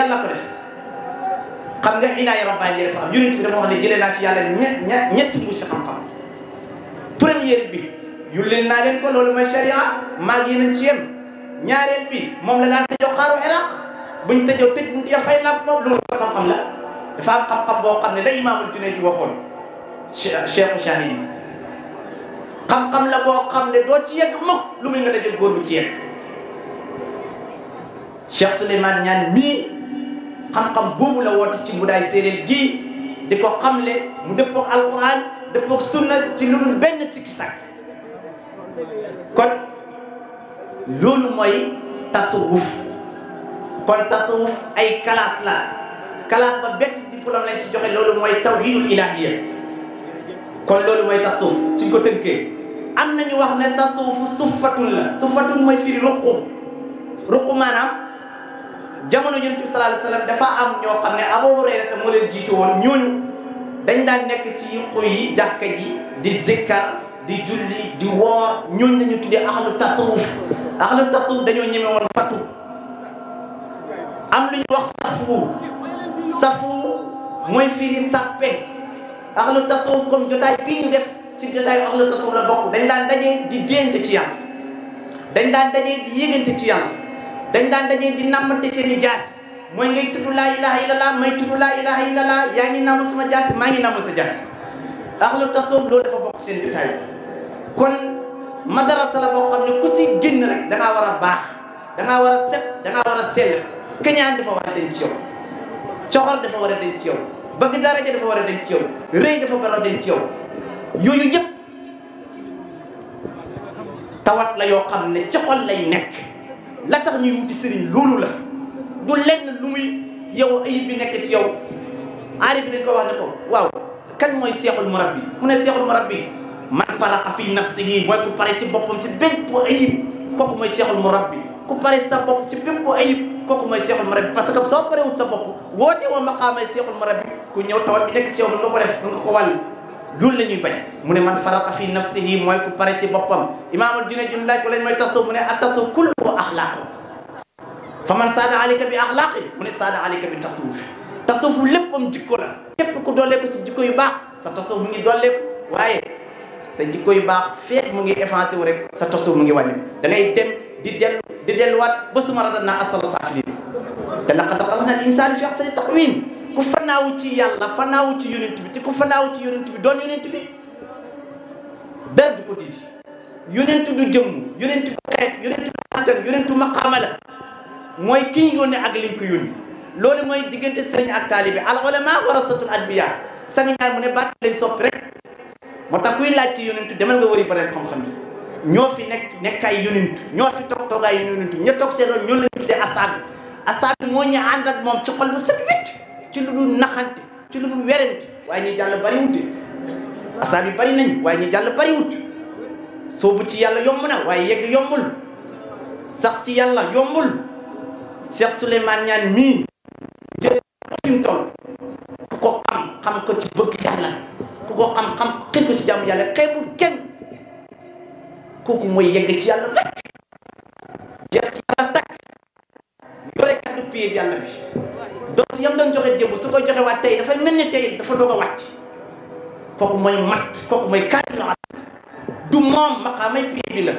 yàlla ko def xam nga inaaya rabbaani dafa am yonent bi dafa wax ne jëlee naa ci yàlla ñett ñett ñetti mbuus xam-xam première bi yulleen naa leen ko mooy sharia maa ngi nañ ci yem ñaareel bi moom la daan tëjoo xaaru iraq buñ tëjoo tëj buñ tëjoo fay làpp moom loolu xam la dafa am xam-xam boo xam ne la imaamul Junayd di waxoon cheikhu shahid xam-xam la boo xam ne doo ci yegg mukk lu muy nga dajal góor bu ci yegg Cheikh Souleymane Niane mii xam-xam boobu la woote ci Mboudaay Séeréer gii di ko xam xamle mu dëppoog alquran dëppoog sunna ci lu dul benn sikki sàkk kon loolu mooy tasawuf kon tasawuf ay classe la classe ba bett diplôme lañ ci joxe loolu mooy tawhidul ilahiyya kon loolu mooy tasawuf suñ ko tënkee am na nañu wax ne tasawufu suffatun la suffatun mooy firi ruqu ruqu maanaam jamono yonent bi sallallahu alayhi wasallam dafa am ñoo xam ne Abu Hurayra te moo leen jiitu woon dañ daan nekk ci yuqu yi jàkka ji di zikkar di julli di woor ñooñ lañu tuddee ahlu tasawuf ahlu tasawuf dañoo ñeme woon fatu am lu ñu wax safu safu mooy firi sappe ahlu tasawuf kon jotaay bii ñu def ci jotaayu ahlu tasawuf la bokk dañ daan dajee di dénte ci yàlla dañ daan dajee di yégante ci yàlla dañ daan dajee di nàmmante seeni jaas mooy ngay tudd laa ilaha illallah may tudd laa ilaha illallah yaa ngi nàmm sama jaas maa ngi nàmm sa jaas ahlu tasawuf loolu fa bokk seen jotaay kon madarasa la boo xam ne ku si génn rek da war a baax da war a set da ngaa war a sell keñaan dafa war a denc ci yow coxor dafa war a denc ci yow bëgg daraja dafa war a denc ci yow rëy dafa war a denc ci yow yooyu la yoo xam ne ci xol lay nekk la tax ñuy wuti sëriñ loolu la du lenn lu muy yow ayib bi nekk ci yow aari bi dañ ko wax ne ko waaw kan mooy seexul murabbi mu ne seexul murabbi man faraqa fi nafsihi mooy ku pare ci boppam ci bépp ko kooku mooy seexul murabbi ku pare sa bopp ci bépp ayib kooku mooy seexul murabbi parce que soo parewut sa bopp woote woo maqaamay seexul murabbi ku ñëw tawat bi nekk ci yow mën nga ko def ko wàll loolu lañuy bañ mu ne man faraqa fi nafsihi moy ku paré ci imam imaamul dine jun laaj ko lañ mooy tasu mu ne attasu kullu akhlaq fa man saada alika bi akhlaqi mu ne saada alika bi tasawuf tasawuf leppam jikko la kep ku ko ci jikko yu bax sa tasawuf mu ngi dole waye sa jikko yu bax feet mu ngi effacé wu rek sa tasawuf mu ngi wàññi da ngay dem di del di wat ba suma radal naa asala saafilin laqad xalaqna al insana fi ahsani taqwim ku fanaawu ci yàlla fanaawu ci yonent bi te ku fanaawu ci yonent bi doon yonent bi dara du ko didi yonent du jëmm yonent bi xeet yonent du askan yonent du maqaama la mooy ki ñu yónni ak liñ ko yónni loolu mooy diggante sëriñ ak taalibi al ulama warasatul anbiya sëriñ ñaar mu ne baat lañ sopp rek moo tax kuy laaj ci yonent demal nga wari bareel xam-xam yi ñoo fi nekk nekk ay yonent ñoo fi toog toogaay yonent ña toog seen doon ñoo leen tuddee asaab asaab moo ñu ànd moom ci xol ci lu dul naxante ci lu dul werante waaye ñi jàll bariwut asaab yi bari nañ waaye ñi jàll bariwut soobu ci yàlla yomb na waaye yegg yombul sax ci yàlla yombul Cheikh Souleymane Niane mii jël fi ku ko xam xam ko ci bëgg yàlla ku ko xam xam xil ko ci jàmm yàlla xeebul kenn kooku mooy yegg ci yàlla rek yegg ci yàlla takk yore kàddu pied yàlla bi dose yam doon joxe démb su ko joxe waat tey dafa mel ni tey dafa doog a wàcc kooku mooy mat kooku mooy kaamilu asr du moom maqaamay pii bi la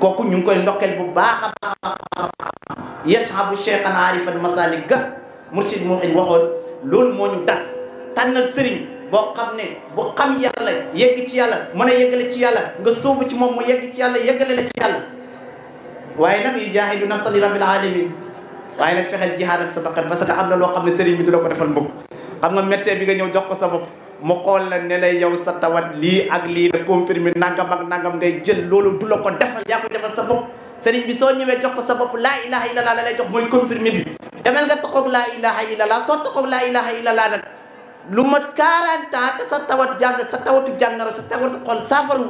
kooku ñu ngi koy ndokkeel bu baax a baax a baax yashabu cheikhan arifan masalik ga mursid muhin waxoon loolu moo ñu dal tànnal sëriñ boo xam ne bu xam yàlla yegg ci yàlla mën a yeggale ci yàlla nga sóobu ci moom mu yegg ci yàlla yeggale la ci yàlla waaye nag yu jaahidu nafsa li rabbil alamin waaye nag fexeel jihaad ak sa bakkan parce que am na loo xam ne sëriñ bi du la ko defal mbokk xam nga médecin bi nga ñëw jox ko sa bopp mu xool la ne lay yow sa tawat lii ak lii la comprimé nangam ak nangam ngay jël loolu du la ko defal yaa ko defal sa bopp sëriñ bi soo ñëwee jox ko sa bopp laa ilaha illallah la lay jox mooy comprimé bi demel nga taxoog laa ilaha illallah soo taxoog laa ilaha illallah nag lu mat 40 ans te sa tawat jàng sa tawatu jàngaro sa tawatu xol saafaru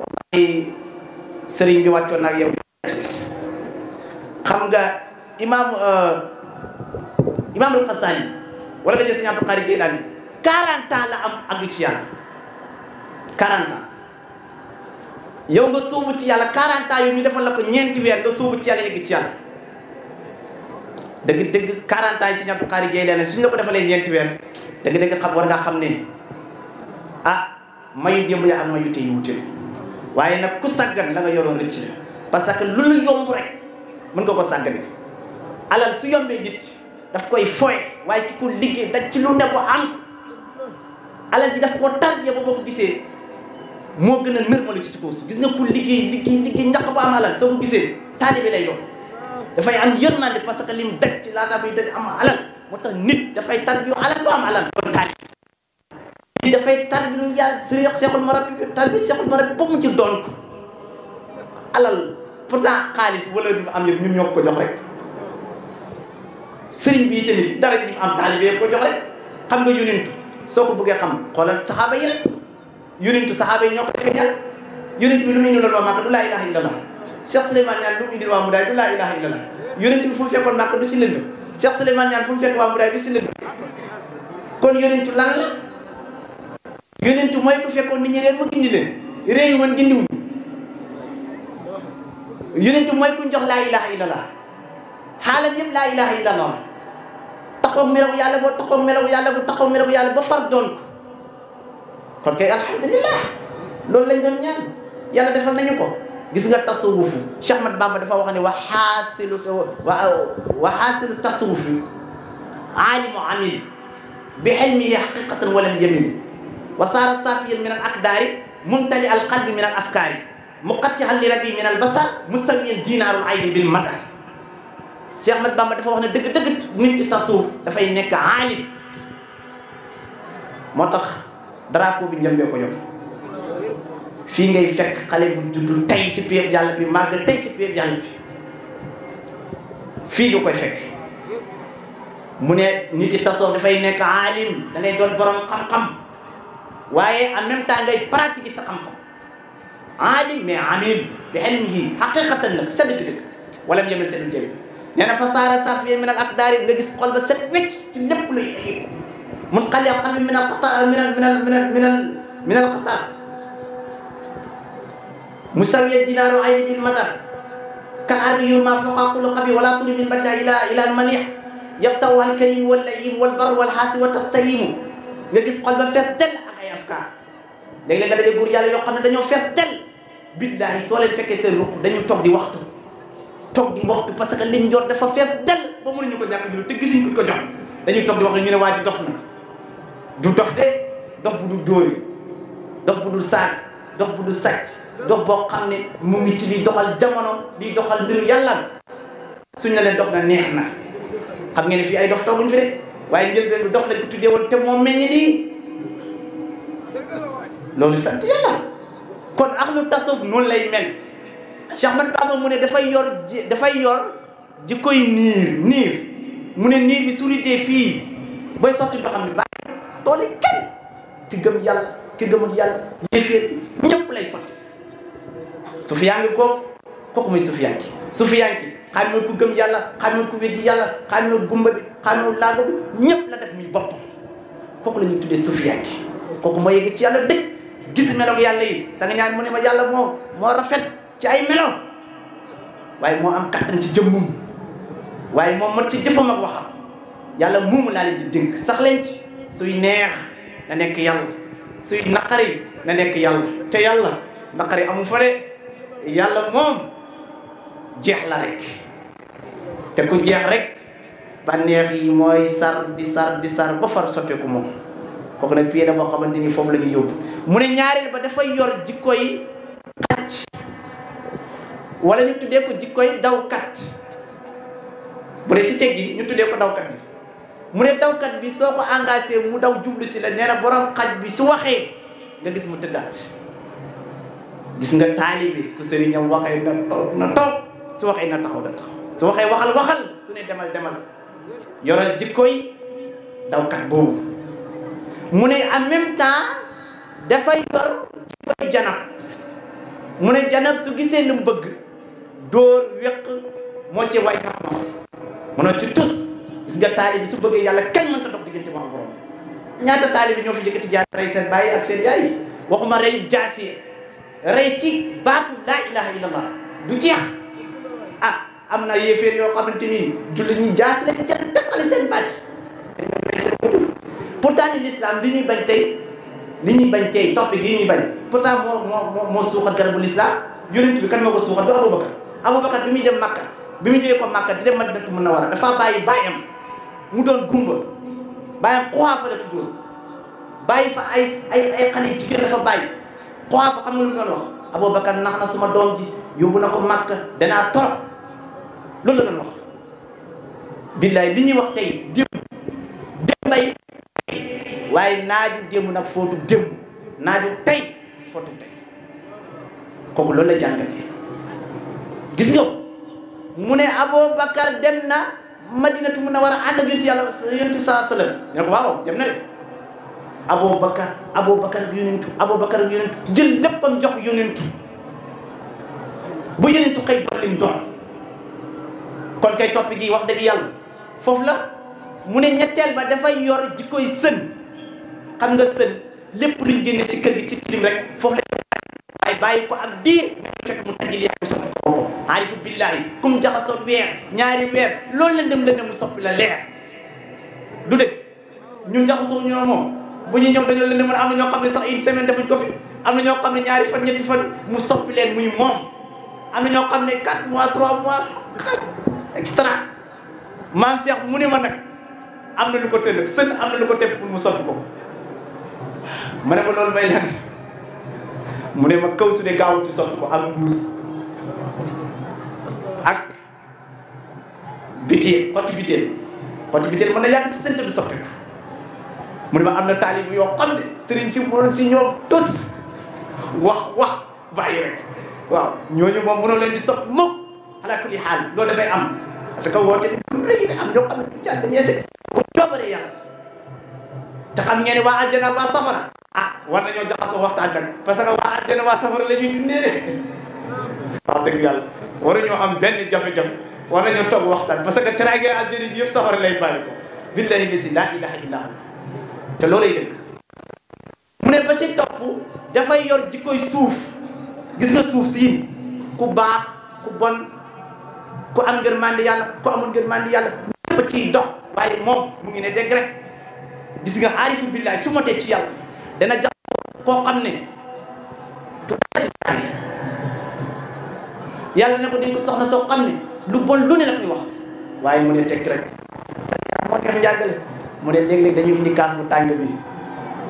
wallahi sëriñ bi wàccoon na ak yow imam eh, imam al-Qassani wala nga jël sëñ Abdou Khari Gaylani 40 ans la am ak ci yàlla 40 ans yow nga sóobu ci yàlla 40 ans yu ñu defal la ko ñeenti weer nga sóobu ci yàlla yegg ci yàlla dëgg dëgg 40 ans yi sëñ Abdou Khari Gaylani suñ xam war ngaa xam ne a ah, mayu démb yaa ak mayu tey wute waaye nag ku sàggan la nga yoroon rëcc la parce que lu la yomb rek mën nga ko sàggane alal su yombee nit daf koy foye waaye ki ko liggéey daj ci lu ne ko am alal daf ko tarbiya ba ko gisee moo gën a nërmalu ci si gis nga ku liggéey liggéey liggéey ñàkk bu am alal soo ko gisee taalibe lay doon dafay am yërmande parce que lim daj ci laata muy daj am alal moo tax nit dafay tarbiyu alal du am alal doon taalibe nit dafay tarbiyu yàlla si yox seexul marab bi tarbi seexul marab ko alal xaalis wala lu am yëpp ñun ko rek sëriñ bi tamit dara ji am taalibe ko jox rek xam nga yonentu soo ko bëggee xam xoolal saxaaba yi rek yonentu saxaaba yi ñoo ko feeñal yonent bi lu muy ñu loolu màkk du laa ilaha illallah Cheikh Souleymane Niane mu indil waa mu daay du laa ilaha illallah yonent bi fu mu fekkoon màkk du si lënd Cheikh Souleymane Niane fu mu fekk du si lënd kon yonentu lan la yonentu mooy bu fekkoon nit ñi réer mu gindi leen réew man gindiwuñu yonentu mooy ku ñu jox laa ilaha illallah xaalam yëpp laa ilaha illa allah taxaw melaw yàlla boo taxaw melaw yàlla bu taxaw melaw yàlla ba far doon ko kon kay alhamdulilah loolu lañ doon ñaan yàlla defal nañu ko gis nga tasawufu Cheikh Ahmad Bamba dafa wax ne wa xaasilu wa wa xaasilu tasawufi aalimu amil bi xilmihi xaqiqatan walam yamin wa saara safiyan min al aqdaari mumtali al qalbi min al afkaari muqattihan li rabi min al basar musawiyan diinaaru ayni bil madar Cheikh Ahmad Bamba dafa wax ne dëgg-dëgg nit ci tasawuf dafay nekk aalim moo tax drapeau bi njëmbee ko yokk fii ngay fekk xale bu juddu tey ci péeb yàlla bi màgg tey ci biir yàlla bi fii ñu koy fekk mu ne nit yi tasawuf dafay nekk aalim da ngay doon borom xam-xam waaye en même temps ngay pratiquer sa xam-xam aalim mais amil bi ilmihi xaqiqatan la sa dëgg-dëgg wala mu yemal sa dëgg لأن فصار صافيا من الأقدار نقص قلب السلبج تلف له يحيي من قلب قلب من القطع من الـ من الـ من الـ من الـ من القطع مساوية دينار عين بالمدر كأري ما فوق كل قبي ولا تري من بدا إلى إلى المليح يبتوى الكريم واللئيم والبر والحاسي والتقتيم نقص قلب فاستل أخي أفكار لكن لما يقول يا ليوقا دنيو فاستل بالله سؤال الفكر دنيو تقضي وقتك toog di wax bi parce que liñ jot dafa fees del ba mënuñu ko ñàkk ñu te gisuñu ko jox dañuy toog di wax ne ñu ne waa ji dox na du dox de dox bu dul dóori dox bu dul saag dox bu du sàcc dox boo xam ne mu ngi ci liy doxal jamono liy doxal mbiru yàlla suñ ne leen dox na neex na xam ngeen ne fii ay dox tooguñ fi de waaye njëlbeen bi dox lañ ko tuddee woon te moo meññ nii loolu sant yàlla kon axlu tasawuf noonu lay mel Cheikh Ahmad Bamba mu ne dafay yor dafay yor ji koy niir niir mu ne niir bi su ritee fii booy sotti ndox xam ne bàyyi tooli kenn ki gëm yàlla ki gëmul yàlla yéeféer ñëpp lay sotti sufiyaangi kooku kooku mooy sufiyaangi sufiyaangi xam ne ku gëm yàlla xam ne ku weddi yàlla xam ne gumba bi xam ne laago ñëpp la def muy boppam kooku la ñuy tuddee sufiyaangi kooku moo yegg ci yàlla dëkk gis meloog yàlla yi sa nga ñaan mu ne ma moo moo rafet ci ay melo waaye moo am kattan ci jëmmum waaye moo mot ci jëfam ak waxam yàlla moomu laa leen di dénk sax leen ci suy neex na nekk yàlla suy naqari na nekk yàlla te yàlla naqari amu fare de yàlla moom jeex rek te ku jeex rek ba neex yi mooy sar di sar di sar ba far soppeeku moom kooku nag pied da boo xamante ni foofu la ñuy yóbbu mu ne ñaareel ba dafay yor jikko yi wala ñu tuddee ko jikkoy dawkat bu dee ci teg gi ñu tuddee ko dawkat bi mu ne dawkat bi soo ko engagé mu daw jublu si la nee na borom xaj bi su waxee nga gis mu tëddaat gis nga taalibi su sëriñam waxee na toog na toog su waxee na taxaw na taxaw su waxee waxal waxal su ne demal demal yoral jikkoy dawkat boobu mu ne en même temps yor jikkoy janab mu ne janab su gisee lu mu bëgg dor wéq mo ci way na mo ci tus gis nga talib su bëggee yalla kenn ta dox digënté mo borom ñaata talib ñoo fi yëkkati jaar ray seen baye ak seen yaay waxuma ray jaasi ray ci baat la ilaha illallah du jeex ah amna yéfer yo xamanteni xamante ñi jass lañ ci takal seen baat pourtant l'islam li ñuy bañ tay li ñuy bañ tay top gi ñuy bañ pourtant mo mo mo suuxat garbu l'islam yonent bi kan mako ko do abou Abubakar Aboubacar bi muy dem Makka bi mu jógee ko Makka di dem Madinatu a dafa bàyyi bàyyam mu doon gumba bàyyam Quhaafa la tuddoon bàyyi fa ay xale jigéen dafa bàyyi Quhaafa xam nga lu mu doon wax Aboubacar nax na suma doom ji yóbbu na ko Makka danaa torop loolu la doon billaay li ñuy wax tey démb démbay waaye naaju démb nag footu démb naaju tey footu tey kooku loolu la jàngalee gis nga mu ne Aboubacar dem na madinatu mun na war a ànd ak yonent yàlla yonent bi saa sallam ko waaw dem na de Aboubacar Aboubacar ak yonentu Aboubacar ak yonentu jël léppam jox yonentu bu yonentu xëy doon lim doon kon kay topp gi wax dëgg yàlla foofu la mu ne ñetteel ba dafay yor jikkoy sën xam nga sën lépp lu génne ci kër gi ci tilim rek foofu bàyyi ko ak diir fekk mu tajil yaa ko soppi ko boppam aarifu billaahi kum jaxasoo weer ñaari weer loolu la dem la mu soppi la leer du dëgg ñu jaxasoo ñoo moom bu ñu ñëw dañoo leen mu mën am na ñoo xam ne sax une semaine defuñ ko fi am na ñoo xam ne ñaari fan ñetti fan mu soppi leen mu ñu moom am na ñoo xam ne 4 mois 3 mois extra maam Cheikh mu ne ma nag am na lu ko tënk sën am na lu ko tënk pour mu soppi ko ma ne ko loolu may lan mu ne ma kaw su de gaaw ci sotti ko ak mbuus ak biteel xotti biteel xotti biteel mën na yàgg si sent bi sotti ko mu ne ma am na taalib yo xam ne sëriñ si mënoon si ñoo tos wax wax bàyyi rek waaw ñooñu moom mënoo leen di sopp mukk ala kulli xaal loolu dafay am parce que woote am rëy am ñoo xam ne du jàll dañuy seet bu coobaree te xam ngeen waa àjjana waa safara ah war nañoo jaxasoo waxtaan nag parce que waa àjjana waa safara la ñuy dundee de wax dëgg yàlla waruñoo am benn jafe-jafe war nañoo toog waxtaan parce que teraange àjjana ji yëpp safara lay bàyyi ko billahi lesi laa ilaha illa te loolay dëgg mu ne ba si topp dafay yor jikkoy suuf gis nga suuf si ku baax ku bon ku am ngërmande yàlla ku amul ngërmande yàlla ñëpp ciy dox waaye moom mu ngi ne dégg rek gis nga aarifu billaay su ma tee ci yàlla dana jax koo xam ne du yàlla ne ko dañ ko soxna soo xam ne lu bon lu ne la koy wax waaye mu ne teg rek moo mu ne léeg-léeg dañuy indi kaas bu bi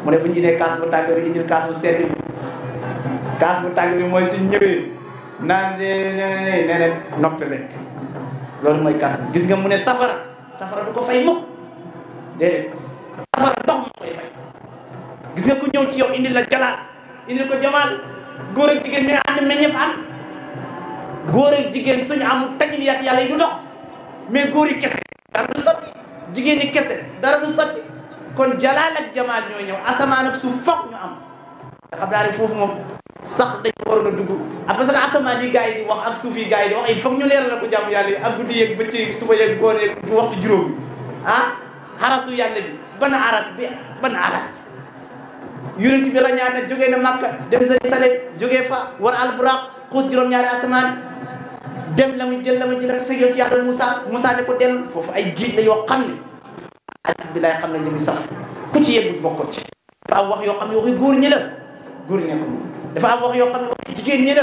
mu ne bu ñu indee kaas bu tàng bi indil kaas bu sedd bi kaas bu tàng bi mooy suñ ñëwee naan nee ne ne noppi rek loolu mooy kaas bi gis nga mu ne safara safara du ko fay mukk déedéet safara ndox ma koy fay gis nga ku ñëw ci yow indi la jalaal indi ko jamaal góor ak jigéen ñooy ànd meññeef am góor ak jigéen suñu amul tajiliyaat yàlla yi du dox mais góor yi kese dara du sotti jigéen yi kese dara du sotti kon jalaal ak jamaal ñooy ñëw asamaan ak suuf foog ñu am nga xam daal moom sax dañ waroon a dugg ah parce que asamaan yi gars yi di wax ak suuf yi gars yi di wax il faut ñu leeral na ko jàmm yàlla yi ak guddi yeeg bëccëg suba yeeg ngoon yeeg waxtu juróom ah harasu yalla bi ban aras bi ban aras yonent bi rañana na jógee na Makka dem salé joge fa war buraq khus jurom ñaari asman dem lamu jël lamu jël tase yoon ci yàlla musa Moussa ne ko del fofu ay géej la yo xamni ak billahi xamna nañ li sax ku ci yëngu bokko ci fa wax yo xamni waxi goor ñi la goor ñi ko dafa am wax yo xamni waxi ñi la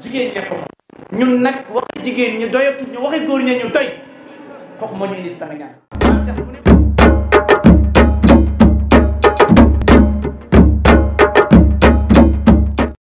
jigéen ñi ko ñun nak waxi jigéen ñi ñu waxi goor ñi ñu toy kok mo ñu indi Sénégal